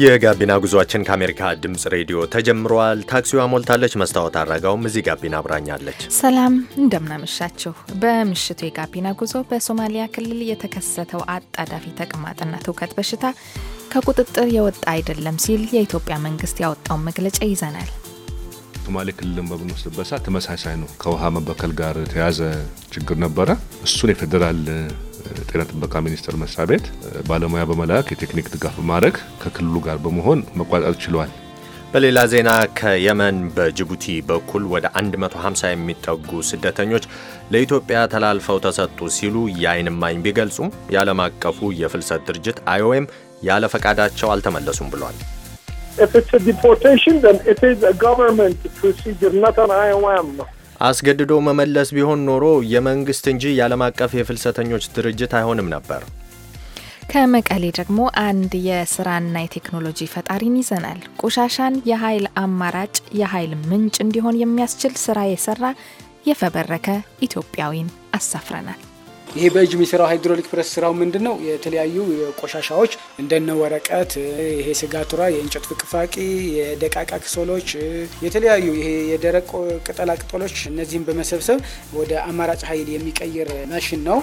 የጋቢና ጉዟችን ከአሜሪካ ድምፅ ሬዲዮ ተጀምሯል። ታክሲዋ ሞልታለች። መስታወት አድረጋውም እዚህ ጋቢና አብራኛለች። ሰላም እንደምናመሻችሁ። በምሽቱ የጋቢና ጉዞ በሶማሊያ ክልል የተከሰተው አጣዳፊ ተቅማጥና ትውከት በሽታ ከቁጥጥር የወጣ አይደለም ሲል የኢትዮጵያ መንግስት ያወጣውን መግለጫ ይዘናል። ሶማሌ ክልልን በምንወስድበት ሰዓት ተመሳሳይ ነው። ከውሃ መበከል ጋር የተያዘ ችግር ነበረ። እሱን የፌዴራል ጤና ጥበቃ ሚኒስቴር መስሪያ ቤት ባለሙያ በመላክ የቴክኒክ ድጋፍ በማድረግ ከክልሉ ጋር በመሆን መቋጠር ችሏል። በሌላ ዜና ከየመን በጅቡቲ በኩል ወደ 150 የሚጠጉ ስደተኞች ለኢትዮጵያ ተላልፈው ተሰጡ ሲሉ የዓይን እማኝ ቢገልጹም የዓለም አቀፉ የፍልሰት ድርጅት አይኦኤም ያለ ፈቃዳቸው አልተመለሱም ብሏል። it's a deportation, then it is a government procedure, not an IOM. አስገድዶ መመለስ ቢሆን ኖሮ የመንግስት እንጂ የዓለም አቀፍ የፍልሰተኞች ድርጅት አይሆንም ነበር። ከመቀሌ ደግሞ አንድ የስራና የቴክኖሎጂ ፈጣሪን ይዘናል። ቆሻሻን የኃይል አማራጭ የኃይል ምንጭ እንዲሆን የሚያስችል ስራ የሰራ የፈበረከ ኢትዮጵያዊን አሳፍረናል። ይሄ በእጅ የሚሰራው ሃይድሮሊክ ፕረስ ስራው ምንድን ነው? የተለያዩ ቆሻሻዎች እንደነ ወረቀት፣ ይሄ ስጋቱራ፣ የእንጨት ፍቅፋቂ፣ የደቃቃ ክሰሎች፣ የተለያዩ ይሄ የደረቅ ቅጠላ ቅጠሎች እነዚህን በመሰብሰብ ወደ አማራጭ ኃይል የሚቀይር ማሽን ነው።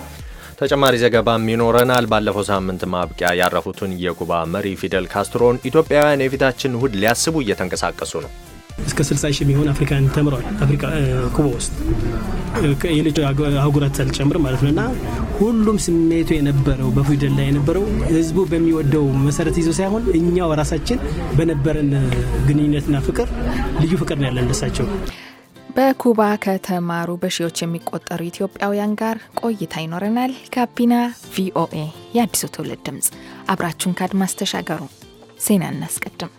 ተጨማሪ ዘገባም ይኖረናል። ባለፈው ሳምንት ማብቂያ ያረፉትን የኩባ መሪ ፊደል ካስትሮን ኢትዮጵያውያን የፊታችን እሁድ ሊያስቡ እየተንቀሳቀሱ ነው። እስከ 60 ሺህ የሚሆን አፍሪካን ተምረዋል። አፍሪካ ኩባ ውስጥ የልጅ አህጉራት ሳልጨምር ማለት ነውና ሁሉም ስሜቱ የነበረው በፊደል ላይ የነበረው ህዝቡ በሚወደው መሰረት ይዞ ሳይሆን እኛው ራሳችን በነበረን ግንኙነትና ፍቅር ልዩ ፍቅር ነው ያለን ደሳቸው። በኩባ ከተማሩ በሺዎች የሚቆጠሩ ኢትዮጵያውያን ጋር ቆይታ ይኖረናል። ጋቢና ቪኦኤ የአዲሱ ትውልድ ድምፅ፣ አብራችሁን ከአድማስ ተሻገሩ። ዜና እናስቀድም።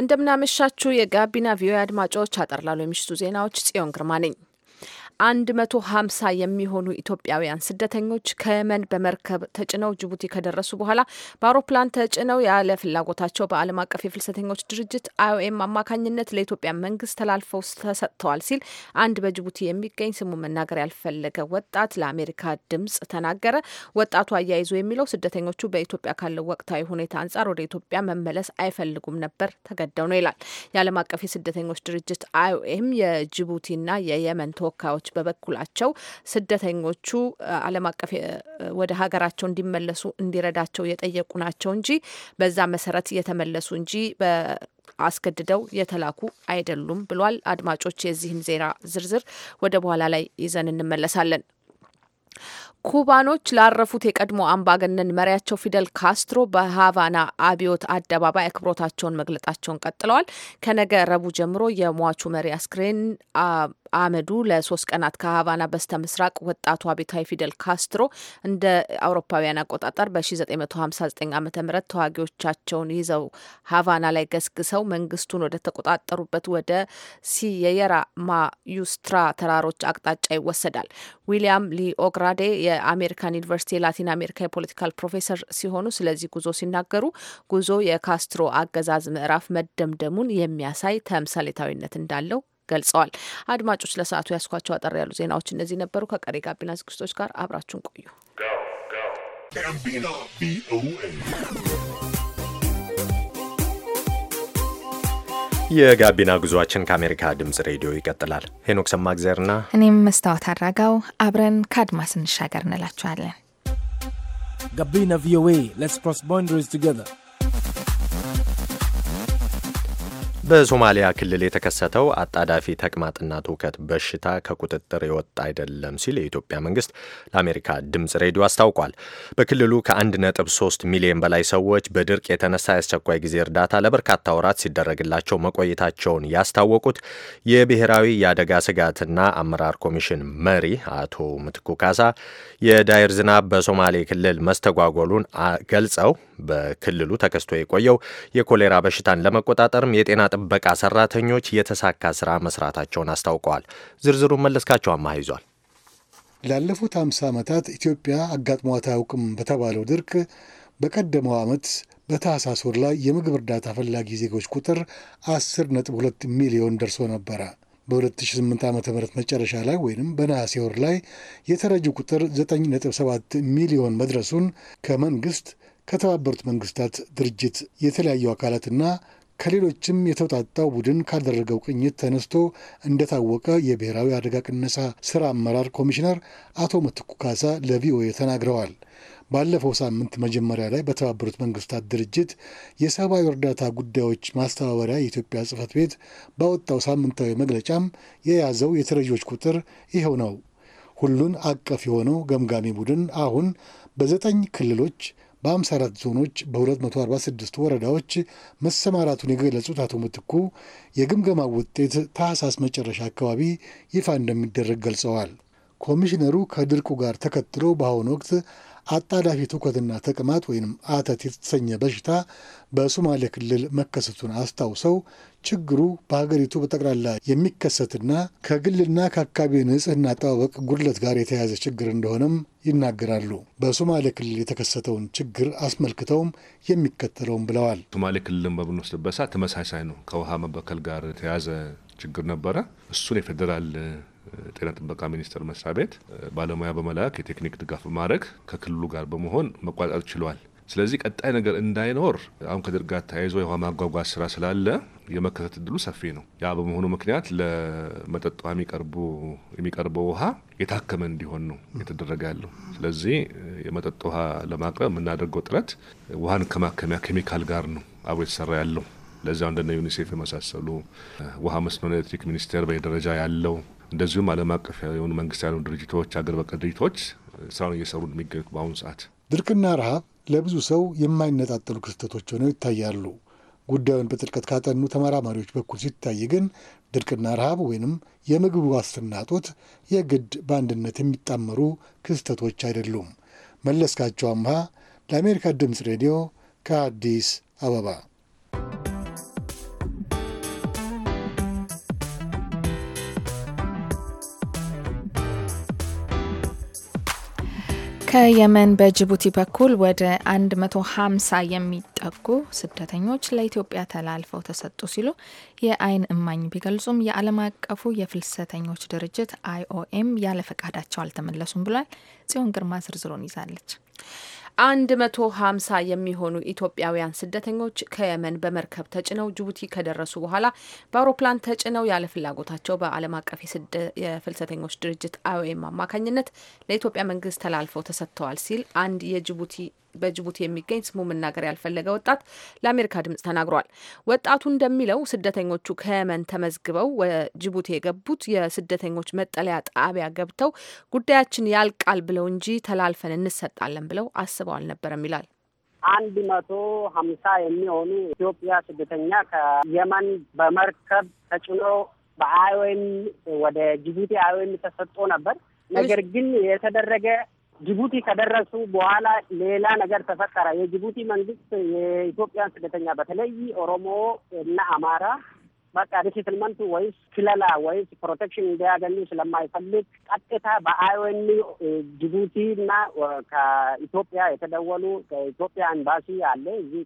እንደምናመሻችሁ የጋቢና ቪኦኤ አድማጮች፣ አጠርላሉ ላሉ የምሽቱ ዜናዎች ጽዮን ግርማ ነኝ። 150 የሚሆኑ ኢትዮጵያውያን ስደተኞች ከየመን በመርከብ ተጭነው ጅቡቲ ከደረሱ በኋላ በአውሮፕላን ተጭነው ያለ ፍላጎታቸው በዓለም አቀፍ የፍልሰተኞች ድርጅት አይኦኤም አማካኝነት ለኢትዮጵያ መንግስት ተላልፈው ተሰጥተዋል ሲል አንድ በጅቡቲ የሚገኝ ስሙ መናገር ያልፈለገ ወጣት ለአሜሪካ ድምጽ ተናገረ። ወጣቱ አያይዞ የሚለው ስደተኞቹ በኢትዮጵያ ካለው ወቅታዊ ሁኔታ አንጻር ወደ ኢትዮጵያ መመለስ አይፈልጉም ነበር፣ ተገደው ነው ይላል። የዓለም አቀፍ የስደተኞች ድርጅት አይኦኤም የጅቡቲና የየመን ተወካዮች በበኩላቸው ስደተኞቹ ዓለም አቀፍ ወደ ሀገራቸው እንዲመለሱ እንዲረዳቸው የጠየቁ ናቸው እንጂ በዛ መሰረት የተመለሱ እንጂ አስገድደው የተላኩ አይደሉም ብሏል። አድማጮች የዚህን ዜና ዝርዝር ወደ በኋላ ላይ ይዘን እንመለሳለን። ኩባኖች ላረፉት የቀድሞ አምባገነን መሪያቸው ፊደል ካስትሮ በሀቫና አብዮት አደባባይ አክብሮታቸውን መግለጣቸውን ቀጥለዋል። ከነገ ረቡዕ ጀምሮ የሟቹ መሪ አስክሬን አመዱ ለሶስት ቀናት ከሀቫና በስተ ምስራቅ ወጣቱ ቤታዊ ፊደል ካስትሮ እንደ አውሮፓውያን አቆጣጠር በ1959 ዓ ም ተዋጊዎቻቸውን ይዘው ሀቫና ላይ ገስግሰው መንግስቱን ወደ ተቆጣጠሩበት ወደ ሲየራ ማዩስትራ ተራሮች አቅጣጫ ይወሰዳል። ዊሊያም ሊ ኦግራዴ የአሜሪካን ዩኒቨርሲቲ የላቲን አሜሪካ የፖለቲካል ፕሮፌሰር ሲሆኑ ስለዚህ ጉዞ ሲናገሩ ጉዞ የካስትሮ አገዛዝ ምዕራፍ መደምደሙን የሚያሳይ ተምሳሌታዊነት እንዳለው ገልጸዋል። አድማጮች ለሰዓቱ ያስኳቸው አጠር ያሉ ዜናዎች እነዚህ ነበሩ። ከቀሪ ጋቢና ዝግጅቶች ጋር አብራችሁን ቆዩ። የጋቢና ጉዟችን ከአሜሪካ ድምጽ ሬዲዮ ይቀጥላል። ሄኖክ ሰማግዘርና እኔም መስታወት አድራጋው አብረን ከአድማስ እንሻገር እንላችኋለን። ጋቢና ቪኦኤ ሌትስ ክሮስ ባውንደሪስ ቱጌዘር በሶማሊያ ክልል የተከሰተው አጣዳፊ ተቅማጥና ትውከት በሽታ ከቁጥጥር የወጣ አይደለም ሲል የኢትዮጵያ መንግስት ለአሜሪካ ድምፅ ሬዲዮ አስታውቋል። በክልሉ ከ1.3 ሚሊዮን በላይ ሰዎች በድርቅ የተነሳ የአስቸኳይ ጊዜ እርዳታ ለበርካታ ወራት ሲደረግላቸው መቆየታቸውን ያስታወቁት የብሔራዊ የአደጋ ስጋትና አመራር ኮሚሽን መሪ አቶ ምትኩ ካሳ የዳይር ዝናብ በሶማሌ ክልል መስተጓጎሉን ገልጸው በክልሉ ተከስቶ የቆየው የኮሌራ በሽታን ለመቆጣጠርም የጤና ጥበቃ ሰራተኞች የተሳካ ስራ መስራታቸውን አስታውቀዋል። ዝርዝሩን መለስካቸው አማሃ ይዟል። ላለፉት 50 ዓመታት ኢትዮጵያ አጋጥሟት አያውቅም በተባለው ድርቅ በቀደመው ዓመት በታህሳስ ወር ላይ የምግብ እርዳታ ፈላጊ ዜጎች ቁጥር 10.2 ሚሊዮን ደርሶ ነበረ። በ2008 ዓ ም መጨረሻ ላይ ወይም በነሐሴ ወር ላይ የተረጂ ቁጥር 9.7 ሚሊዮን መድረሱን ከመንግስት ከተባበሩት መንግስታት ድርጅት የተለያዩ አካላትና ከሌሎችም የተውጣጣው ቡድን ካደረገው ቅኝት ተነስቶ እንደታወቀ የብሔራዊ አደጋ ቅነሳ ስራ አመራር ኮሚሽነር አቶ ምትኩ ካሳ ለቪኦኤ ተናግረዋል። ባለፈው ሳምንት መጀመሪያ ላይ በተባበሩት መንግስታት ድርጅት የሰብአዊ እርዳታ ጉዳዮች ማስተባበሪያ የኢትዮጵያ ጽህፈት ቤት ባወጣው ሳምንታዊ መግለጫም የያዘው የተረጂዎች ቁጥር ይኸው ነው። ሁሉን አቀፍ የሆነው ገምጋሚ ቡድን አሁን በዘጠኝ ክልሎች በ54 ዞኖች በ246 ወረዳዎች መሰማራቱን የገለጹት አቶ ምትኩ የግምገማ ውጤት ታህሳስ መጨረሻ አካባቢ ይፋ እንደሚደረግ ገልጸዋል። ኮሚሽነሩ ከድርቁ ጋር ተከትሎ በአሁኑ ወቅት አጣዳፊ ትውከትና ተቅማጥ ወይም አተት የተሰኘ በሽታ በሶማሌ ክልል መከሰቱን አስታውሰው ችግሩ በሀገሪቱ በጠቅላላ የሚከሰትና ከግልና ከአካባቢ ንጽህና አጠባበቅ ጉድለት ጋር የተያያዘ ችግር እንደሆነም ይናገራሉ። በሶማሌ ክልል የተከሰተውን ችግር አስመልክተውም የሚከተለውም ብለዋል። ሶማሌ ክልልን በምንወስድበት ሰዓት ተመሳሳይ ነው። ከውሃ መበከል ጋር የተያያዘ ችግር ነበረ። እሱን የፌዴራል ጤና ጥበቃ ሚኒስቴር መስሪያ ቤት ባለሙያ በመላክ የቴክኒክ ድጋፍ በማድረግ ከክልሉ ጋር በመሆን መቋጠር ችሏል። ስለዚህ ቀጣይ ነገር እንዳይኖር አሁን ከድርቅ ጋር ተያይዞ የውሃ ማጓጓዝ ስራ ስላለ የመከሰት እድሉ ሰፊ ነው። ያ በመሆኑ ምክንያት ለመጠጥ ውሃ የሚቀርበው ውሃ የታከመ እንዲሆን ነው የተደረገ ያለው። ስለዚህ የመጠጥ ውሃ ለማቅረብ የምናደርገው ጥረት ውሃን ከማከሚያ ኬሚካል ጋር ነው አብሮ የተሰራ ያለው። ለዚያ እንደነ ዩኒሴፍ የመሳሰሉ ውሃ መስኖ ኤሌክትሪክ ሚኒስቴር በየደረጃ ያለው እንደዚሁም ዓለም አቀፍ የሆኑ መንግስት ያልሆኑ ድርጅቶች፣ አገር በቀል ድርጅቶች ስራውን እየሰሩ እንደሚገኙት በአሁኑ ሰዓት ድርቅና ረሃብ ለብዙ ሰው የማይነጣጠሉ ክስተቶች ሆነው ይታያሉ። ጉዳዩን በጥልቀት ካጠኑ ተመራማሪዎች በኩል ሲታይ ግን ድርቅና ረሃብ ወይንም የምግብ ዋስትና እጦት የግድ በአንድነት የሚጣመሩ ክስተቶች አይደሉም። መለስካቸው አምሃ ለአሜሪካ ድምፅ ሬዲዮ ከአዲስ አበባ ከየመን በጅቡቲ በኩል ወደ 150 የሚጠጉ ስደተኞች ለኢትዮጵያ ተላልፈው ተሰጡ ሲሉ የአይን እማኝ ቢገልጹም የዓለም አቀፉ የፍልሰተኞች ድርጅት አይኦኤም ያለ ፈቃዳቸው አልተመለሱም ብሏል። ጽዮን ግርማ ዝርዝሩን ይዛለች። አንድ መቶ ሀምሳ የሚሆኑ ኢትዮጵያውያን ስደተኞች ከየመን በመርከብ ተጭነው ጅቡቲ ከደረሱ በኋላ በአውሮፕላን ተጭነው ያለ ፍላጎታቸው በዓለም አቀፍ የፍልሰተኞች ድርጅት አይኦኤም አማካኝነት ለኢትዮጵያ መንግስት ተላልፈው ተሰጥተዋል ሲል አንድ የጅቡቲ በጅቡቲ የሚገኝ ስሙ መናገር ያልፈለገ ወጣት ለአሜሪካ ድምጽ ተናግሯል። ወጣቱ እንደሚለው ስደተኞቹ ከየመን ተመዝግበው ጅቡቲ የገቡት የስደተኞች መጠለያ ጣቢያ ገብተው ጉዳያችን ያልቃል ብለው እንጂ ተላልፈን እንሰጣለን ብለው አስበው አልነበረም ይላል። አንድ መቶ ሀምሳ የሚሆኑ ኢትዮጵያ ስደተኛ ከየመን በመርከብ ተጭኖ በአይወይም ወደ ጅቡቲ አይወይም ተሰጥቶ ነበር። ነገር ግን የተደረገ ጅቡቲ ከደረሱ በኋላ ሌላ ነገር ተፈጠረ። የጅቡቲ መንግስት የኢትዮጵያን ስደተኛ በተለይ ኦሮሞ እና አማራ በቃ ሪሴትልመንቱ ወይስ ክለላ ወይስ ፕሮቴክሽን እንዲያገኙ ስለማይፈልግ ቀጥታ በአይኦኤን ጅቡቲ እና ከኢትዮጵያ የተደወሉ ከኢትዮጵያ ኤምባሲ አለ እዚህ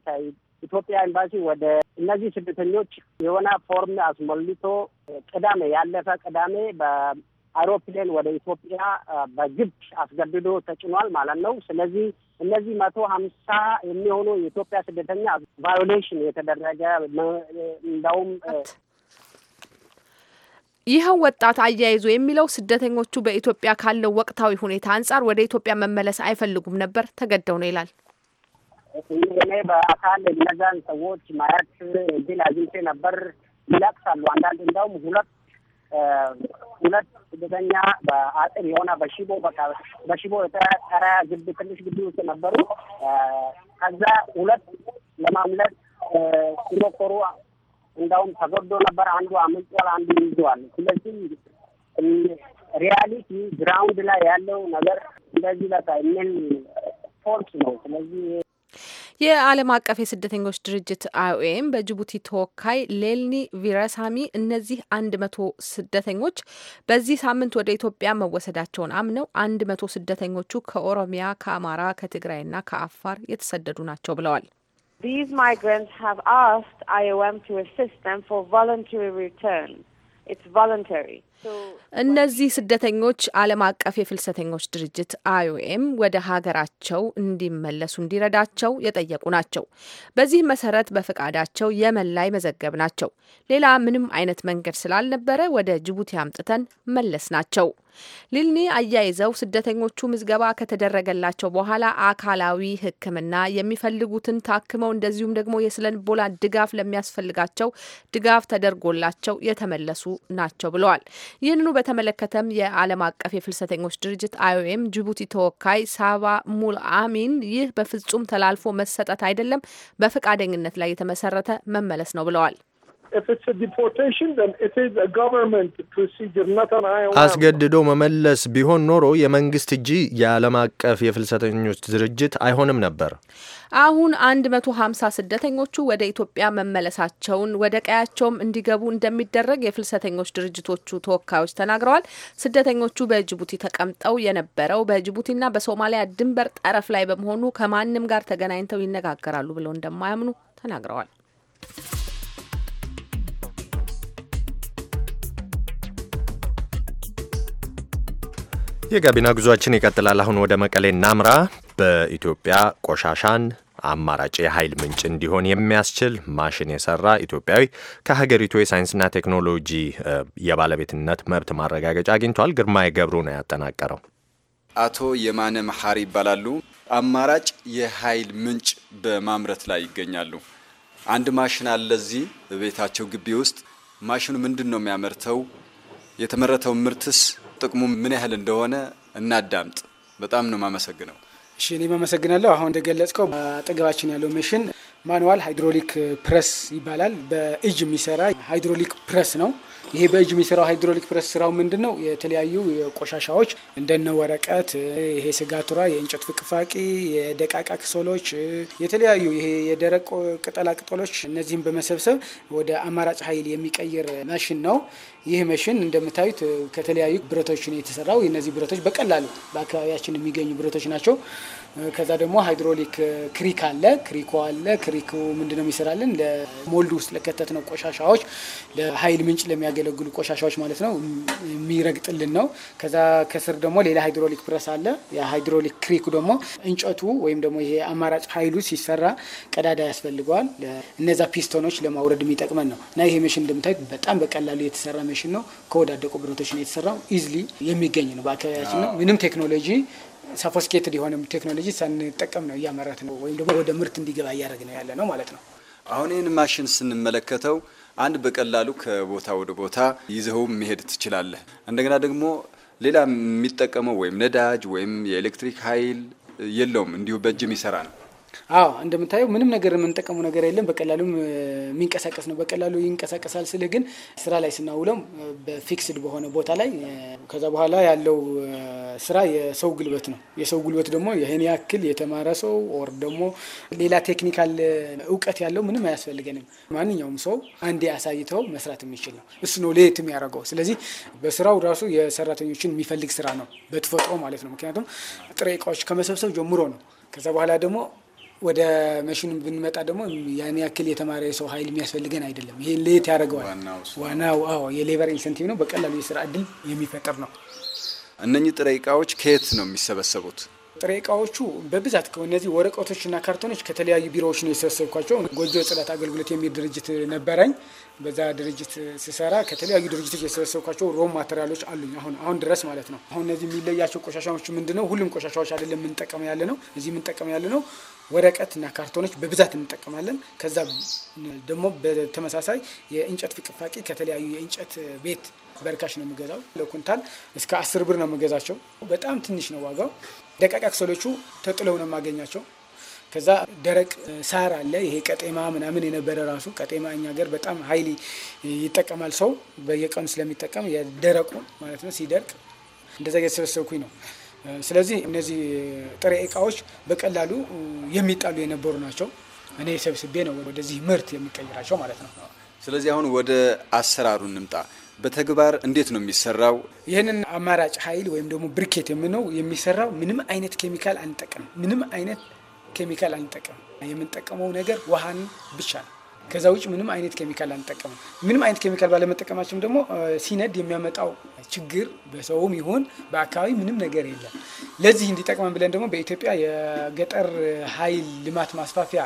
ኢትዮጵያ ኤምባሲ ወደ እነዚህ ስደተኞች የሆነ ፎርም አስሞልቶ ቅዳሜ ያለፈ ቅዳሜ አውሮፕላን ወደ ኢትዮጵያ በግብ አስገድዶ ተጭኗል ማለት ነው። ስለዚህ እነዚህ መቶ ሀምሳ የሚሆኑ የኢትዮጵያ ስደተኛ ቫዮሌሽን የተደረገ እንደውም ይኸው ወጣት አያይዞ የሚለው ስደተኞቹ በኢትዮጵያ ካለው ወቅታዊ ሁኔታ አንጻር ወደ ኢትዮጵያ መመለስ አይፈልጉም ነበር፣ ተገደው ነው ይላል። እኔ በአካል እነዛን ሰዎች ማየት እድል አግኝቼ ነበር። ይለቅሳሉ። አንዳንድ እንደውም ሁለት ሁለት ስደተኛ በአጥር የሆነ በሽቦ በቃ በሽቦ የተጠረ ግቢ ትንሽ ግቢ ውስጥ ነበሩ። ከዛ ሁለት ለማምለጥ ሲሞከሩ እንዳውም ተጎዶ ነበር። አንዱ አምልጧል፣ አንዱ ይዟል። ስለዚህ ሪያሊቲ ግራውንድ ላይ ያለው ነገር እንደዚህ በቃ የሚል ፎልስ ነው። ስለዚህ የዓለም አቀፍ የስደተኞች ድርጅት አይኦኤም በጅቡቲ ተወካይ ሌልኒ ቪረሳሚ እነዚህ አንድ መቶ ስደተኞች በዚህ ሳምንት ወደ ኢትዮጵያ መወሰዳቸውን አምነው አንድ መቶ ስደተኞቹ ከኦሮሚያ፣ ከአማራ፣ ከትግራይና ከአፋር የተሰደዱ ናቸው ብለዋል። These migrants have asked IOM to assist them for voluntary return. It's voluntary. እነዚህ ስደተኞች ዓለም አቀፍ የፍልሰተኞች ድርጅት አይኦኤም ወደ ሀገራቸው እንዲመለሱ እንዲረዳቸው የጠየቁ ናቸው። በዚህ መሰረት በፈቃዳቸው የመን ላይ መዘገብ ናቸው። ሌላ ምንም አይነት መንገድ ስላልነበረ ወደ ጅቡቲ አምጥተን መለስ ናቸው። ሊልኒ አያይዘው ስደተኞቹ ምዝገባ ከተደረገላቸው በኋላ አካላዊ ሕክምና የሚፈልጉትን ታክመው እንደዚሁም ደግሞ የስነ ድጋፍ ለሚያስፈልጋቸው ድጋፍ ተደርጎላቸው የተመለሱ ናቸው ብለዋል። ይህንኑ በተመለከተም የዓለም አቀፍ የፍልሰተኞች ድርጅት አይኦኤም ጅቡቲ ተወካይ ሳባ ሙል አሚን ይህ በፍጹም ተላልፎ መሰጠት አይደለም፣ በፈቃደኝነት ላይ የተመሰረተ መመለስ ነው ብለዋል። አስገድዶ መመለስ ቢሆን ኖሮ የመንግስት እጂ የዓለም አቀፍ የፍልሰተኞች ድርጅት አይሆንም ነበር። አሁን አንድ ስደተኞቹ ወደ ኢትዮጵያ መመለሳቸውን ወደ ቀያቸውም እንዲገቡ እንደሚደረግ የፍልሰተኞች ድርጅቶቹ ተወካዮች ተናግረዋል። ስደተኞቹ በጅቡቲ ተቀምጠው የነበረው በጅቡቲና በሶማሊያ ድንበር ጠረፍ ላይ በመሆኑ ከማንም ጋር ተገናኝተው ይነጋገራሉ ብለው እንደማያምኑ ተናግረዋል። የጋቢና ጉዟችን ይቀጥላል። አሁን ወደ መቀሌ እናምራ። በኢትዮጵያ ቆሻሻን አማራጭ የኃይል ምንጭ እንዲሆን የሚያስችል ማሽን የሰራ ኢትዮጵያዊ ከሀገሪቱ የሳይንስና ቴክኖሎጂ የባለቤትነት መብት ማረጋገጫ አግኝቷል። ግርማ የገብሩ ነው ያጠናቀረው። አቶ የማነ መሐሪ ይባላሉ። አማራጭ የኃይል ምንጭ በማምረት ላይ ይገኛሉ። አንድ ማሽን አለ እዚህ ግቢ ውስጥ። ማሽኑ ምንድን ነው የሚያመርተው? የተመረተው ምርትስ ጥቅሙ ምን ያህል እንደሆነ እናዳምጥ። በጣም ነው የማመሰግነው። እሺ እኔ አመሰግናለሁ። አሁን እንደገለጽከው አጠገባችን ያለው መሽን ማንዋል ሃይድሮሊክ ፕረስ ይባላል። በእጅ የሚሰራ ሃይድሮሊክ ፕረስ ነው። ይሄ በእጅ የሚሰራው ሃይድሮሊክ ፕረስ ስራው ምንድን ነው? የተለያዩ ቆሻሻዎች እንደነ ወረቀት፣ ይሄ ስጋቱራ፣ የእንጨት ፍቅፋቂ፣ የደቃቃ ክሰሎች፣ የተለያዩ ይሄ የደረቅ ቅጠላ ቅጠሎች፣ እነዚህም በመሰብሰብ ወደ አማራጭ ኃይል የሚቀይር መሽን ነው። ይህ መሽን እንደምታዩት ከተለያዩ ብረቶች ነው የተሰራው። እነዚህ ብረቶች በቀላሉ በአካባቢያችን የሚገኙ ብረቶች ናቸው። ከዛ ደግሞ ሃይድሮሊክ ክሪክ አለ። ክሪኮ አለ። ክሪኩ ምንድነው የሚሰራልን? ለሞልድ ውስጥ ለከተት ነው ቆሻሻዎች፣ ለሀይል ምንጭ ለሚያገለግሉ ቆሻሻዎች ማለት ነው የሚረግጥልን ነው። ከዛ ከስር ደግሞ ሌላ ሃይድሮሊክ ፕረስ አለ። የሃይድሮሊክ ክሪኩ ደግሞ እንጨቱ ወይም ደግሞ ይሄ አማራጭ ሀይሉ ሲሰራ ቀዳዳ ያስፈልገዋል። እነዛ ፒስቶኖች ለማውረድ የሚጠቅመን ነው እና ይሄ መሽን እንደምታዩት በጣም በቀላሉ የተሰራ መሽን ነው። ከወዳደቁ ብረቶች ነው የተሰራው። ኢዝሊ የሚገኝ ነው በአካባቢያችን ምንም ቴክኖሎጂ ሰፎስኬት የሆነም ቴክኖሎጂ ሳንጠቀም ነው እያመረት ነው ወይም ደግሞ ወደ ምርት እንዲገባ እያደረግ ነው ያለ ነው ማለት ነው። አሁን ይህን ማሽን ስንመለከተው አንድ በቀላሉ ከቦታ ወደ ቦታ ይዘው መሄድ ትችላለህ። እንደገና ደግሞ ሌላ የሚጠቀመው ወይም ነዳጅ ወይም የኤሌክትሪክ ኃይል የለውም፣ እንዲሁ በእጅም የሚሰራ ነው። አዎ እንደምታየው ምንም ነገር የምንጠቀመው ነገር የለም። በቀላሉም የሚንቀሳቀስ ነው። በቀላሉ ይንቀሳቀሳል ስልህ ግን ስራ ላይ ስናውለው በፊክስድ በሆነ ቦታ ላይ ከዛ በኋላ ያለው ስራ የሰው ጉልበት ነው። የሰው ጉልበት ደግሞ ይህን ያክል የተማረ ሰው ኦር ደግሞ ሌላ ቴክኒካል እውቀት ያለው ምንም አያስፈልገንም። ማንኛውም ሰው አንዴ አሳይተው መስራት የሚችል ነው። እሱ ነው ለየት የሚያደርገው። ስለዚህ በስራው ራሱ የሰራተኞችን የሚፈልግ ስራ ነው በተፈጥሮ ማለት ነው። ምክንያቱም ጥሬ እቃዎች ከመሰብሰብ ጀምሮ ነው ከዛ በኋላ ደግሞ ወደ መሽኑ ብንመጣ ደግሞ ያን ያክል የተማረ የሰው ኃይል የሚያስፈልገን አይደለም። ይሄ ለየት ያደርገዋል። ዋናው አዎ የሌበር ኢንሴንቲቭ ነው። በቀላሉ የስራ እድል የሚፈጥር ነው። እነኚህ ጥሬ እቃዎች ከየት ነው የሚሰበሰቡት? ጥሬ እቃዎቹ በብዛት እነዚህ ወረቀቶችና ካርቶኖች ከተለያዩ ቢሮዎች ነው የሰበሰብኳቸው። ጎጆ ጽዳት አገልግሎት የሚል ድርጅት ነበረኝ። በዛ ድርጅት ስሰራ ከተለያዩ ድርጅቶች የሰበሰብኳቸው ሮም ማቴሪያሎች አሉኝ አሁን አሁን ድረስ ማለት ነው። አሁን እነዚህ የሚለያቸው ቆሻሻዎች ምንድን ነው? ሁሉም ቆሻሻዎች አይደለም የምንጠቀመ ያለ ነው። እዚህ የምንጠቀመ ያለ ነው ወረቀት እና ካርቶኖች በብዛት እንጠቀማለን። ከዛ ደግሞ በተመሳሳይ የእንጨት ፍቅፋቂ ከተለያዩ የእንጨት ቤት በርካሽ ነው የምገዛው። ለኩንታል እስከ አስር ብር ነው የምገዛቸው። በጣም ትንሽ ነው ዋጋው። ደቃቅ አክሰሎቹ ተጥለው ነው የማገኛቸው። ከዛ ደረቅ ሳር አለ። ይሄ ቀጤማ ምናምን የነበረ ራሱ ቀጤማ እኛ ገር በጣም ሀይሊ ይጠቀማል ሰው በየቀኑ ስለሚጠቀም የደረቁ ማለት ነው። ሲደርቅ እንደዛ እየተሰበሰብኩኝ ነው። ስለዚህ እነዚህ ጥሬ እቃዎች በቀላሉ የሚጣሉ የነበሩ ናቸው። እኔ ሰብስቤ ነው ወደዚህ ምርት የሚቀይራቸው ማለት ነው። ስለዚህ አሁን ወደ አሰራሩ እንምጣ። በተግባር እንዴት ነው የሚሰራው? ይህንን አማራጭ ኃይል ወይም ደግሞ ብርኬት የምነው የሚሰራው ምንም አይነት ኬሚካል አንጠቀም፣ ምንም አይነት ኬሚካል አንጠቀም። የምንጠቀመው ነገር ውሃን ብቻ ነው። ከዛ ውጭ ምንም አይነት ኬሚካል አንጠቀምም። ምንም አይነት ኬሚካል ባለመጠቀማችን ደግሞ ሲነድ የሚያመጣው ችግር በሰውም ይሁን በአካባቢ ምንም ነገር የለም። ለዚህ እንዲጠቅመን ብለን ደግሞ በኢትዮጵያ የገጠር ኃይል ልማት ማስፋፊያ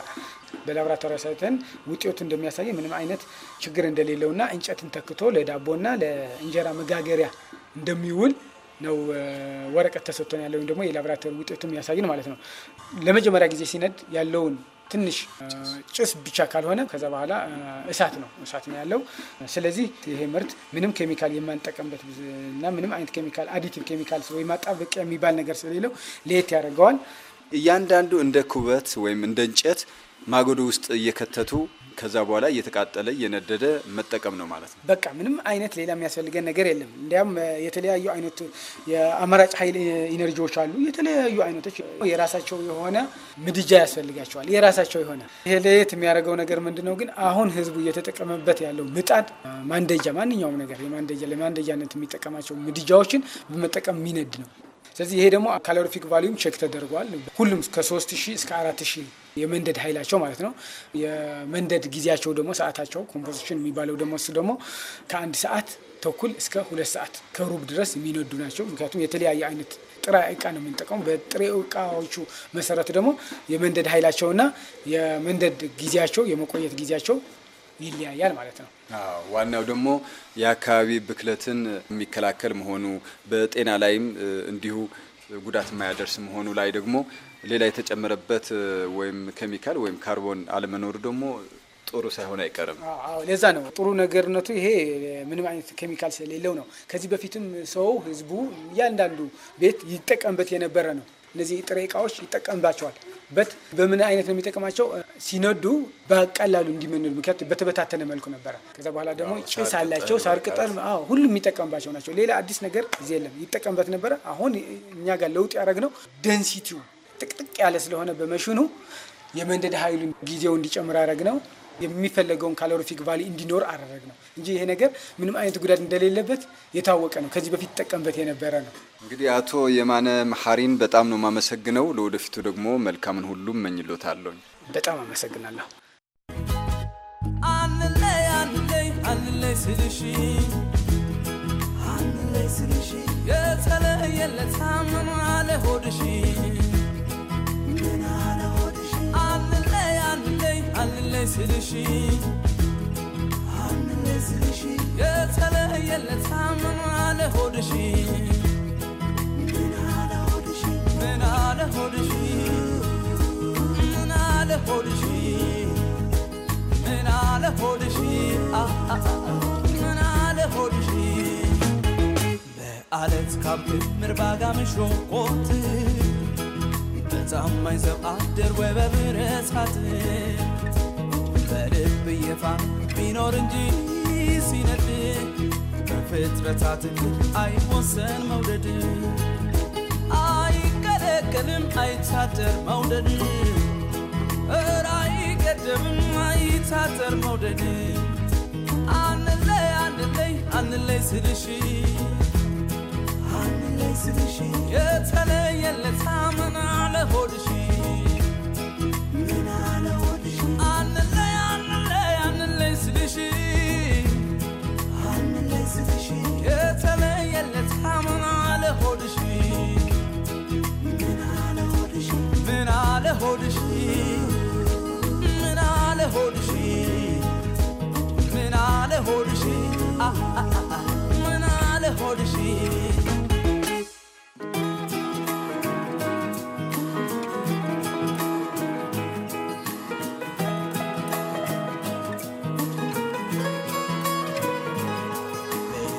በላብራቶሪ አሳይተን ውጤቱ እንደሚያሳየ ምንም አይነት ችግር እንደሌለውና እንጨትን ተክቶ ለዳቦና ለእንጀራ መጋገሪያ እንደሚውል ነው ወረቀት ተሰጥቶን ያለ ወይም ደግሞ የላብራቶሪ ውጤቱ የሚያሳይን ማለት ነው። ለመጀመሪያ ጊዜ ሲነድ ያለውን ትንሽ ጭስ ብቻ ካልሆነ ከዛ በኋላ እሳት ነው እሳት ነው ያለው። ስለዚህ ይሄ ምርት ምንም ኬሚካል የማንጠቀምበት እና ምንም አይነት ኬሚካል አዲቲቭ ኬሚካል ወይ ማጣበቂያ የሚባል ነገር ስለሌለው ለየት ያደርገዋል። እያንዳንዱ እንደ ኩበት ወይም እንደ እንጨት ማገዶ ውስጥ እየከተቱ ከዛ በኋላ እየተቃጠለ እየነደደ መጠቀም ነው ማለት ነው። በቃ ምንም አይነት ሌላ የሚያስፈልገን ነገር የለም። እንዲያም የተለያዩ አይነት የአማራጭ ኃይል ኢነርጂዎች አሉ። የተለያዩ አይነቶች የራሳቸው የሆነ ምድጃ ያስፈልጋቸዋል። የራሳቸው የሆነ ይሄ ለየት የሚያደርገው ነገር ምንድን ነው ግን አሁን ህዝቡ እየተጠቀመበት ያለው ምጣድ፣ ማንደጃ፣ ማንኛውም ነገር የማንደጃ ለማንደጃነት የሚጠቀማቸው ምድጃዎችን በመጠቀም የሚነድ ነው። ስለዚህ ይሄ ደግሞ ካሎሪፊክ ቫሊዩም ቼክ ተደርጓል። ሁሉም ከሶስት ሺህ እስከ አራት የመንደድ ኃይላቸው ማለት ነው። የመንደድ ጊዜያቸው ደግሞ ሰዓታቸው ኮምፖዚሽን የሚባለው ደግሞ እሱ ደግሞ ከአንድ ሰዓት ተኩል እስከ ሁለት ሰዓት ከሩብ ድረስ የሚነዱ ናቸው። ምክንያቱም የተለያየ አይነት ጥራ እቃ ነው የምንጠቀሙ። በጥሬ እቃዎቹ መሰረት ደግሞ የመንደድ ኃይላቸውና የመንደድ ጊዜያቸው የመቆየት ጊዜያቸው ይለያያል ማለት ነው። ዋናው ደግሞ የአካባቢ ብክለትን የሚከላከል መሆኑ በጤና ላይም እንዲሁ ጉዳት የማያደርስ መሆኑ ላይ ደግሞ ሌላ የተጨመረበት ወይም ኬሚካል ወይም ካርቦን አለመኖሩ ደግሞ ጥሩ ሳይሆን አይቀርም። ለዛ ነው ጥሩ ነገርነቱ ይሄ ምንም አይነት ኬሚካል ስለሌለው ነው። ከዚህ በፊትም ሰው ህዝቡ እያንዳንዱ ቤት ይጠቀምበት የነበረ ነው። እነዚህ ጥሬ እቃዎች ይጠቀምባቸዋል። በት በምን አይነት ነው የሚጠቅማቸው? ሲነዱ በቀላሉ እንዲመነዱ ምክንያቱ በተበታተነ መልኩ ነበረ። ከዛ በኋላ ደግሞ ጭስ አላቸው፣ ሳር ቅጠል፣ ሁሉም የሚጠቀምባቸው ናቸው። ሌላ አዲስ ነገር እዚህ የለም። ይጠቀምበት ነበረ። አሁን እኛ ጋር ለውጥ ያደረግነው ደንሲቲው ጥቅጥቅ ያለ ስለሆነ በመሽኑ የመንደድ ኃይሉን ጊዜው እንዲጨምር ያደረግ ነው። የሚፈለገውን ካሎሪፊክ ቫሊ እንዲኖር አደረግ ነው እንጂ ይሄ ነገር ምንም አይነት ጉዳት እንደሌለበት የታወቀ ነው። ከዚህ በፊት ጠቀምበት የነበረ ነው። እንግዲህ አቶ የማነ መሐሪን በጣም ነው የማመሰግነው። ለወደፊቱ ደግሞ መልካምን ሁሉም መኝሎታለሁ። በጣም አመሰግናለሁ። ስልሽ አንለስልሽ አንለስልሽ የተለየለት ሳምኑ አለ ሆድሽ ምን በአለት ካብ ምርባጋ መሾቆት በዛማኝ ዘብ አደር ወበብረሳት እየፋ ቢኖር እንጂ ሲነድ በፍጥረታት አይወሰን መውደድ አይከለከልም አይታደር መውደድ እረ አይገደብም መውደድ አንለይ አንለይ አንለይ ስልሽ ለሆድሽ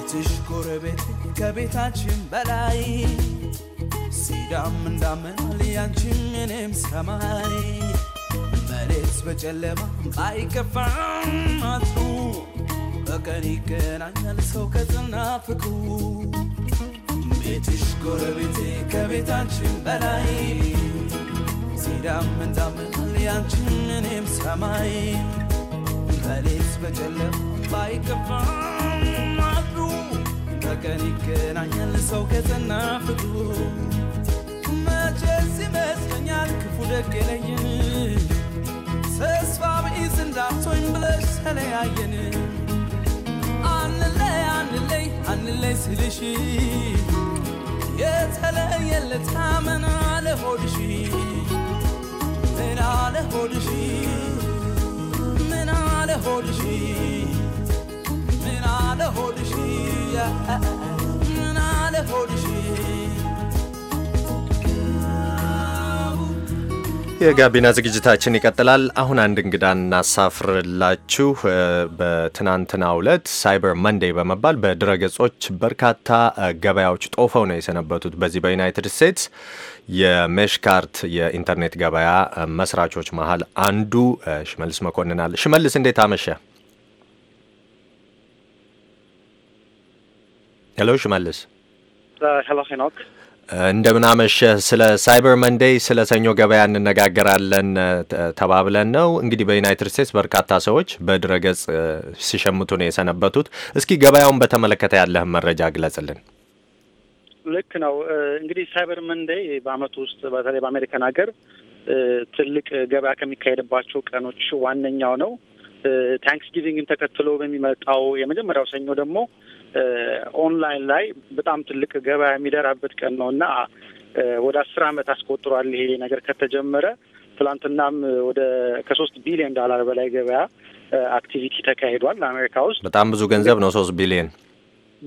Beti şükür beti ከቤታችን በላይ ሲዳም እንዳምናል ያንቺም እኔም ሰማይ መሬት በጨለማ አይከፋም አቱ በቀን ይገናኛል ሰው ከጽና ፍቅሩ ቤትሽ ጎረቤቴ ከቤታችን በላይ ሲዳም እንዳምናል ያንቺም እኔም ሰማይ መሬት በጨለማ አይከፋም ቀን ይገናኛል ሰው ከጸና ፍቅሩ መቼስ ይመስለኛል ክፉ ደግ የለየን ተስፋ ብኢዝ እንዳትሆኝ ብለሽ ተለያየን አንለይ አንለይ አንለይ ስልሽ የተለየለት ምን አለ ሆድሽ ምን አለ ሆድሽ ምን አለ ሆድሽ ምን አለ ሆድሽ የጋቢና ዝግጅታችን ይቀጥላል። አሁን አንድ እንግዳ እናሳፍርላችሁ። በትናንትናው ዕለት ሳይበር መንዴይ በመባል በድረገጾች በርካታ ገበያዎች ጦፈው ነው የሰነበቱት። በዚህ በዩናይትድ ስቴትስ የሜሽካርት የኢንተርኔት ገበያ መስራቾች መሀል አንዱ ሽመልስ መኮንን አለ። ሽመልስ እንዴት አመሸ? ሄሎ ሽመልስ። ሄሎ ሄኖክ እንደምን አመሸህ። ስለ ሳይበር መንዴይ ስለ ሰኞ ገበያ እንነጋገራለን uh, ተባብለን ነው። እንግዲህ በዩናይትድ ስቴትስ በርካታ ሰዎች በድረገጽ uh, ሲሸምቱ ነው የሰነበቱት። እስኪ ገበያውን በተመለከተ ያለህን መረጃ ግለጽልን። ልክ ነው uh, እንግዲህ ሳይበር መንዴይ በአመቱ ውስጥ በተለይ በአሜሪካን ሀገር ትልቅ ገበያ ከሚካሄድባቸው ቀኖች ዋነኛው ነው። ታንክስ ተከትሎ በሚመጣው የመጀመሪያው ሰኞ ደግሞ ኦንላይን ላይ በጣም ትልቅ ገበያ የሚደራበት ቀን ነው እና ወደ አስር ዓመት አስቆጥሯል ይሄ ነገር ከተጀመረ። ትላንትናም ወደ ከሶስት ቢሊዮን ዶላር በላይ ገበያ አክቲቪቲ ተካሂዷል አሜሪካ ውስጥ። በጣም ብዙ ገንዘብ ነው ሶስት ቢሊዮን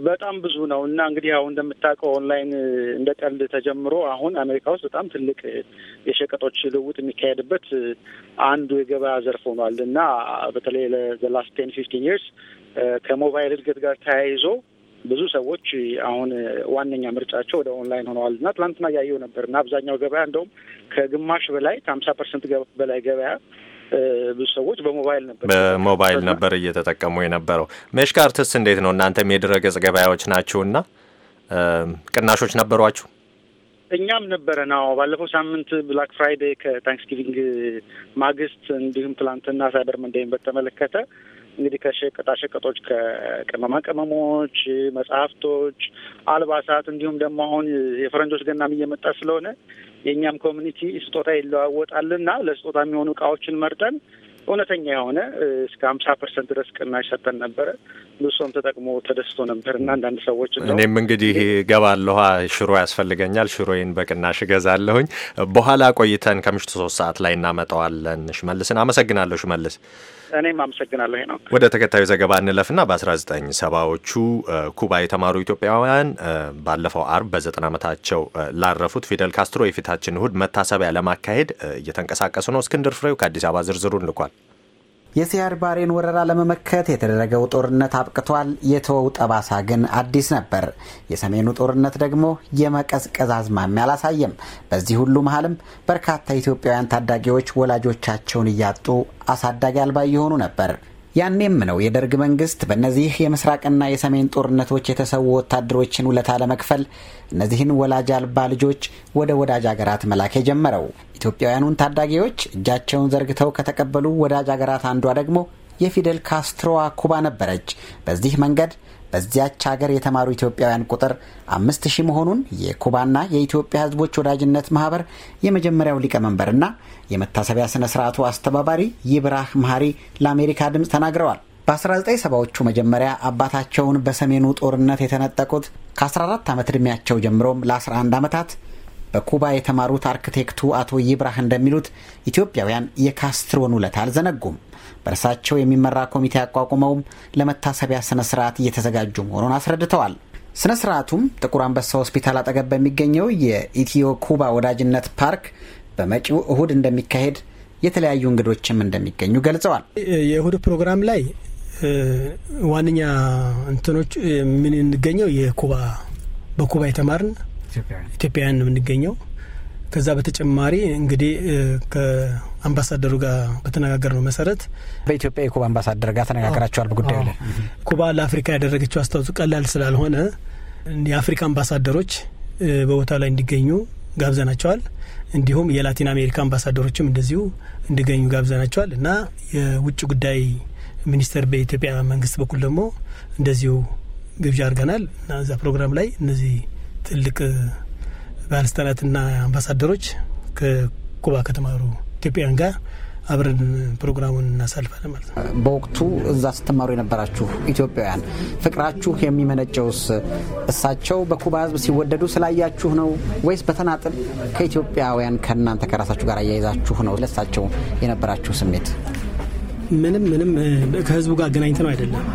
በጣም ብዙ ነው እና እንግዲህ አሁን እንደምታውቀው ኦንላይን እንደ ቀልድ ተጀምሮ አሁን አሜሪካ ውስጥ በጣም ትልቅ የሸቀጦች ልውውጥ የሚካሄድበት አንዱ የገበያ ዘርፍ ሆኗል እና በተለይ ለዘላስት ቴን ፊፍቲን ይርስ ከሞባይል እድገት ጋር ተያይዞ ብዙ ሰዎች አሁን ዋነኛ ምርጫቸው ወደ ኦንላይን ሆነዋል እና ትላንትና እያየሁ ነበር እና አብዛኛው ገበያ እንደውም ከግማሽ በላይ ከሀምሳ ፐርሰንት በላይ ገበያ ብዙ ሰዎች በሞባይል ነበር በሞባይል ነበር እየተጠቀሙ የነበረው። መሽካ አርትስ እንዴት ነው? እናንተም የድረገጽ ገበያዎች ናችሁና ቅናሾች ነበሯችሁ? እኛም ነበረን። አዎ ባለፈው ሳምንት ብላክ ፍራይዴ ከታንክስጊቪንግ ማግስት እንዲሁም ትላንትና ሳይበር መንደይን በተመለከተ እንግዲህ ከሸቀጣሸቀጦች፣ ከቅመማ ቅመሞች፣ መጽሐፍቶች፣ አልባሳት እንዲሁም ደግሞ አሁን የፈረንጆች ገናም እየመጣ ስለሆነ የእኛም ኮሚኒቲ ስጦታ ይለዋወጣልና ለስጦታ የሚሆኑ እቃዎችን መርጠን እውነተኛ የሆነ እስከ ሀምሳ ፐርሰንት ድረስ ቅናሽ ሰጠን ነበረ። ብሶም ተጠቅሞ ተደስቶ ነበር እና አንዳንድ ሰዎች እኔም እንግዲህ ገባለሁ ሽሮ ያስፈልገኛል፣ ሽሮዬን በቅናሽ እገዛለሁኝ። በኋላ ቆይተን ከምሽቱ ሶስት ሰዓት ላይ እናመጣዋለን። ሽመልስን አመሰግናለሁ። ሽመልስ እኔም አመሰግናለሁ ነው። ወደ ተከታዩ ዘገባ እንለፍና በ ዘጠኝ ሰባዎቹ ኩባ የተማሩ ኢትዮጵያውያን ባለፈው አርብ በዘጠና ዓመታቸው ላረፉት ፊደል ካስትሮ የፊታችን እሁድ መታሰቢያ ለማካሄድ እየተንቀሳቀሱ ነው። እስክንድር ፍሬው ከአዲስ አበባ ዝርዝሩን ልኳል። የሲያድ ባሬን ወረራ ለመመከት የተደረገው ጦርነት አብቅቷል። የተወው ጠባሳ ግን አዲስ ነበር። የሰሜኑ ጦርነት ደግሞ የመቀዝቀዝ አዝማሚያ አላሳየም። በዚህ ሁሉ መሀልም በርካታ ኢትዮጵያውያን ታዳጊዎች ወላጆቻቸውን እያጡ አሳዳጊ አልባ እየሆኑ ነበር። ያኔም ነው የደርግ መንግስት በእነዚህ የምስራቅና የሰሜን ጦርነቶች የተሰዉ ወታደሮችን ውለታ ለመክፈል እነዚህን ወላጅ አልባ ልጆች ወደ ወዳጅ አገራት መላክ የጀመረው። ኢትዮጵያውያኑን ታዳጊዎች እጃቸውን ዘርግተው ከተቀበሉ ወዳጅ አገራት አንዷ ደግሞ የፊደል ካስትሮዋ ኩባ ነበረች። በዚህ መንገድ በዚያች ሀገር የተማሩ ኢትዮጵያውያን ቁጥር አምስት ሺህ መሆኑን የኩባና የኢትዮጵያ ሕዝቦች ወዳጅነት ማህበር የመጀመሪያው ሊቀመንበርና የመታሰቢያ ስነ ስርዓቱ አስተባባሪ ይብራህ መሀሪ ለአሜሪካ ድምፅ ተናግረዋል። በ1970ዎቹ መጀመሪያ አባታቸውን በሰሜኑ ጦርነት የተነጠቁት ከ14 ዓመት ዕድሜያቸው ጀምሮም ለ11 ዓመታት በኩባ የተማሩት አርክቴክቱ አቶ ይብራህ እንደሚሉት ኢትዮጵያውያን የካስትሮን ውለታ አልዘነጉም። በእርሳቸው የሚመራ ኮሚቴ አቋቁመውም ለመታሰቢያ ስነ ስርዓት እየተዘጋጁ መሆኑን አስረድተዋል። ስነ ስርዓቱም ጥቁር አንበሳ ሆስፒታል አጠገብ በሚገኘው የኢትዮ ኩባ ወዳጅነት ፓርክ በመጪው እሁድ እንደሚካሄድ የተለያዩ እንግዶችም እንደሚገኙ ገልጸዋል። የእሁድ ፕሮግራም ላይ ዋነኛ እንትኖች የምንገኘው የኩባ በኩባ የተማርን ኢትዮጵያውያን ነው የምንገኘው ከዛ በተጨማሪ እንግዲህ ከአምባሳደሩ ጋር በተነጋገር ነው መሰረት በኢትዮጵያ የኩባ አምባሳደር ጋር ተነጋግራቸዋል። በጉዳዩ ላይ ኩባ ለአፍሪካ ያደረገችው አስተዋጽኦ ቀላል ስላልሆነ የአፍሪካ አምባሳደሮች በቦታው ላይ እንዲገኙ ጋብዘናቸዋል። እንዲሁም የላቲን አሜሪካ አምባሳደሮችም እንደዚሁ እንዲገኙ ጋብዘናቸዋል እና የውጭ ጉዳይ ሚኒስቴር በኢትዮጵያ መንግስት በኩል ደግሞ እንደዚሁ ግብዣ አድርገናል እና እዛ ፕሮግራም ላይ እነዚህ ትልቅ ባለስልጣናትና አምባሳደሮች ከኩባ ከተማሩ ኢትዮጵያውያን ጋር አብረን ፕሮግራሙን እናሳልፋለን ማለት ነው። በወቅቱ እዛ ስትማሩ የነበራችሁ ኢትዮጵያውያን ፍቅራችሁ የሚመነጨውስ እሳቸው በኩባ ሕዝብ ሲወደዱ ስላያችሁ ነው ወይስ በተናጥል ከኢትዮጵያውያን ከእናንተ ከራሳችሁ ጋር አያይዛችሁ ነው? ለእሳቸው የነበራችሁ ስሜት ምንም ምንም ከሕዝቡ ጋር አገናኝተ ነው አይደለም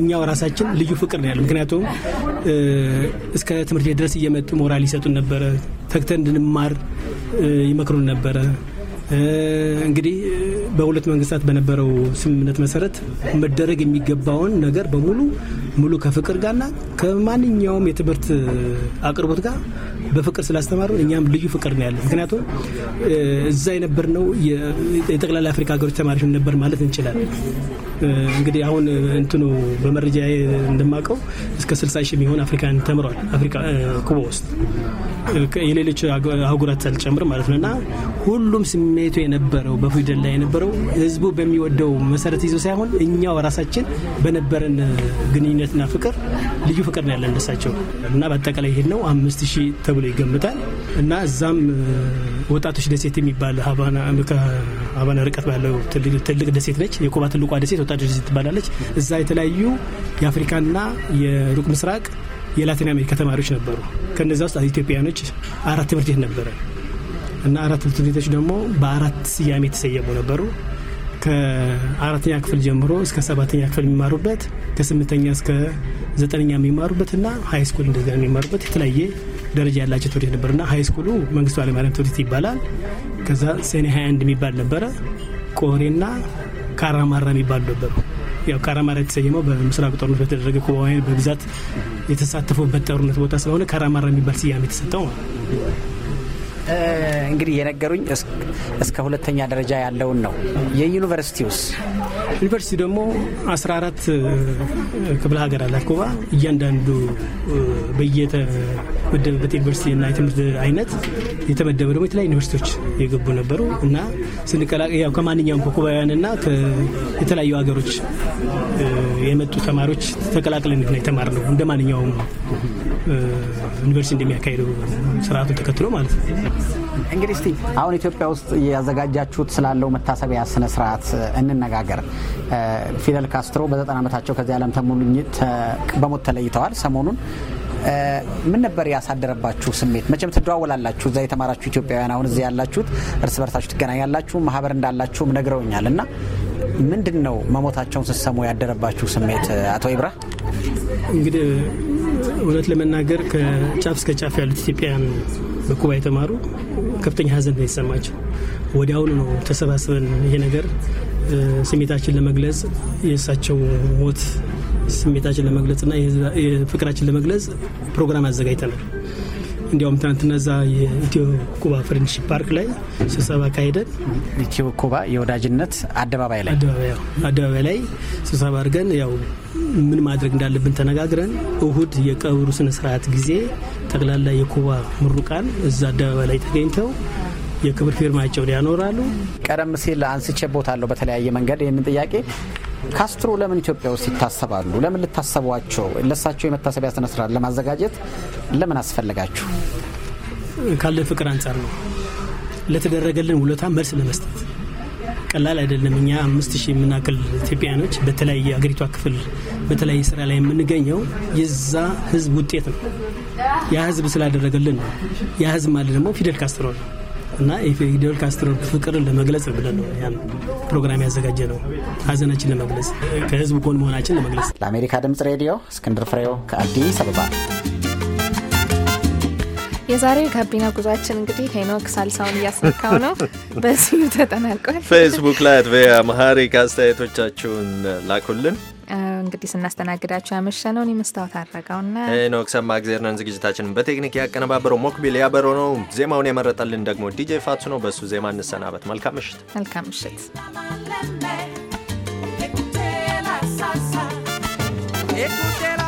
እኛው ራሳችን ልዩ ፍቅር ነው ያለው። ምክንያቱም እስከ ትምህርት ቤት ድረስ እየመጡ ሞራል ይሰጡን ነበረ፣ ተግተን እንድንማር ይመክሩን ነበረ። እንግዲህ በሁለት መንግስታት በነበረው ስምምነት መሰረት መደረግ የሚገባውን ነገር በሙሉ ሙሉ ከፍቅር ጋርና ከማንኛውም የትምህርት አቅርቦት ጋር በፍቅር ስላስተማሩ እኛም ልዩ ፍቅር ነው ያለ። ምክንያቱም እዛ የነበርነው የጠቅላላ አፍሪካ ሀገሮች ተማሪዎች ነበር ማለት እንችላለን። እንግዲህ አሁን እንትኑ በመረጃ እንደማውቀው እስከ 60 ሺህ የሚሆን አፍሪካን ተምሯል አፍሪካ ውስጥ የሌሎች አህጉራትን ሳልጨምር ማለት ነው እና ሁሉም ስሜቱ የነበረው በፊደል ላይ የነበረው ህዝቡ በሚወደው መሰረት ይዞ ሳይሆን እኛው ራሳችን በነበረን ግንኙነትና ፍቅር ልዩ ፍቅር ነው ያለን ደሳቸው እና በአጠቃላይ ይሄድ ነው አምስት ሺህ ተብሎ ይገምታል እና እዛም ወጣቶች ደሴት የሚባል ሀቫና ርቀት ባለው ትልቅ ደሴት ነች። የኩባ ትልቋ ደሴት ወጣቶች ደሴት ትባላለች። እዛ የተለያዩ የአፍሪካና የሩቅ ምስራቅ የላቲን አሜሪካ ተማሪዎች ነበሩ። ከነዚ ውስጥ ኢትዮጵያውያኖች አራት ትምህርት ቤት ነበረ እና አራት ትምህርት ቤቶች ደግሞ በአራት ስያሜ የተሰየሙ ነበሩ። ከአራተኛ ክፍል ጀምሮ እስከ ሰባተኛ ክፍል የሚማሩበት ከስምንተኛ እስከ ዘጠነኛ የሚማሩበት እና ሀይ ስኩል እንደዚ የሚማሩበት የተለያየ ደረጃ ያላቸው ትምህርት ቤት ነበር እና ሀይ ስኩሉ መንግስቱ ኃይለማርያም ትምህርት ይባላል። ከዛ ሰኔ 21 የሚባል ነበረ። ቆሬና ካራማራ የሚባሉ ነበሩ። ያው ካራማራ የተሰየመው በምስራቅ ጦርነት በተደረገ ኩባውያን በብዛት የተሳተፉበት ጦርነት ቦታ ስለሆነ ካራማራ የሚባል ስያሜ የተሰጠው ማለት ነው። እንግዲህ የነገሩኝ እስከ ሁለተኛ ደረጃ ያለውን ነው። የዩኒቨርሲቲ ዩኒቨርሲቲ ደግሞ 14 ክፍለ ሀገር አላት ኩባ። እያንዳንዱ በየተመደበበት ዩኒቨርሲቲና የትምህርት አይነት የተመደበ ደግሞ የተለያዩ ዩኒቨርሲቲዎች የገቡ ነበሩ እና ስንቀላቀ ያው ከማንኛውም እና የተለያዩ ሀገሮች የመጡ ተማሪዎች ተቀላቅለን ነው የተማርነው እንደ ማንኛውም ዩኒቨርሲቲ እንደሚያካሄደው ስርዓቱን ተከትሎ ማለት ነው። እንግዲህ እስቲ አሁን ኢትዮጵያ ውስጥ ያዘጋጃችሁት ስላለው መታሰቢያ ስነ ስርዓት እንነጋገር። ፊደል ካስትሮ በዘጠና ዓመታቸው ከዚህ ዓለም በሞት ተለይተዋል። ሰሞኑን ምን ነበር ያሳደረባችሁ ስሜት? መቼም ትደዋወላላችሁ እዛ የተማራችሁ ኢትዮጵያውያን፣ አሁን እዚህ ያላችሁት እርስ በርሳችሁ ትገናኛላችሁ፣ ማህበር እንዳላችሁም ነግረውኛል። እና ምንድን ነው መሞታቸውን ስትሰሙ ያደረባችሁ ስሜት? አቶ ይብራ እንግዲህ እውነት ለመናገር ከጫፍ እስከ ጫፍ ያሉት ኢትዮጵያውያን በኩባ የተማሩ ከፍተኛ ሀዘን ነው የተሰማቸው። ወዲያውኑ ነው ተሰባስበን ይሄ ነገር ስሜታችን ለመግለጽ የእሳቸው ሞት ስሜታችን ለመግለጽና ፍቅራችን ለመግለጽ ፕሮግራም አዘጋጅተናል። እንዲያውም ትናንትና እዛ የኢትዮ ኩባ ፍሬንድሺፕ ፓርክ ላይ ስብሰባ ካሄደን ኢትዮ ኩባ የወዳጅነት አደባባይ ላይ አደባባይ ላይ ስብሰባ አድርገን ያው ምን ማድረግ እንዳለብን ተነጋግረን እሁድ የቀብሩ ስነስርዓት ጊዜ ጠቅላላ የኩባ ምሩቃን እዛ አደባባይ ላይ ተገኝተው የክብር ፊርማቸውን ያኖራሉ። ቀደም ሲል አንስቼ አለው በተለያየ መንገድ ይህንን ጥያቄ ካስትሮ ለምን ኢትዮጵያ ውስጥ ይታሰባሉ? ለምን ልታሰቧቸው ለሳቸው የመታሰቢያ ስነስርዓት ለማዘጋጀት ለምን አስፈለጋችሁ? ካለን ፍቅር አንጻር ነው። ለተደረገልን ውለታ መልስ ለመስጠት ቀላል አይደለም። እኛ አምስት ሺህ የምናክል ኢትዮጵያውያኖች በተለያየ አገሪቷ ክፍል በተለያየ ስራ ላይ የምንገኘው የዛ ህዝብ ውጤት ነው። ያ ህዝብ ስላደረገልን ነው። ያ ህዝብ ማለት ደግሞ ፊደል ካስትሮ ነው። እና የፊዴል ካስትሮ ፍቅርን ለመግለጽ ብለን ነው ያን ፕሮግራም ያዘጋጀ ነው። ሀዘናችን ለመግለጽ ከህዝብ ጎን መሆናችን ለመግለጽ። ለአሜሪካ ድምጽ ሬዲዮ እስክንድር ፍሬው ከአዲስ አበባ። የዛሬው ጋቢና ጉዟችን እንግዲህ ሄኖክ ሳልሳውን እያስነካው ነው፣ በዚሁ ተጠናቋል። ፌስቡክ ላይ አት ቪኦኤ አስተያየቶቻችሁን ላኩልን። እንግዲህ ስናስተናግዳቸው ያመሸነውን የመስታወት አድረገውና ኖክ ሰማ እግዜር ነን። ዝግጅታችንን በቴክኒክ ያቀነባበረው ሞክቢል ያበሮ ነው። ዜማውን የመረጠልን ደግሞ ዲጄ ፋቱ ነው። በእሱ ዜማ እንሰናበት። መልካም ምሽት፣ መልካም ምሽት። Écoutez la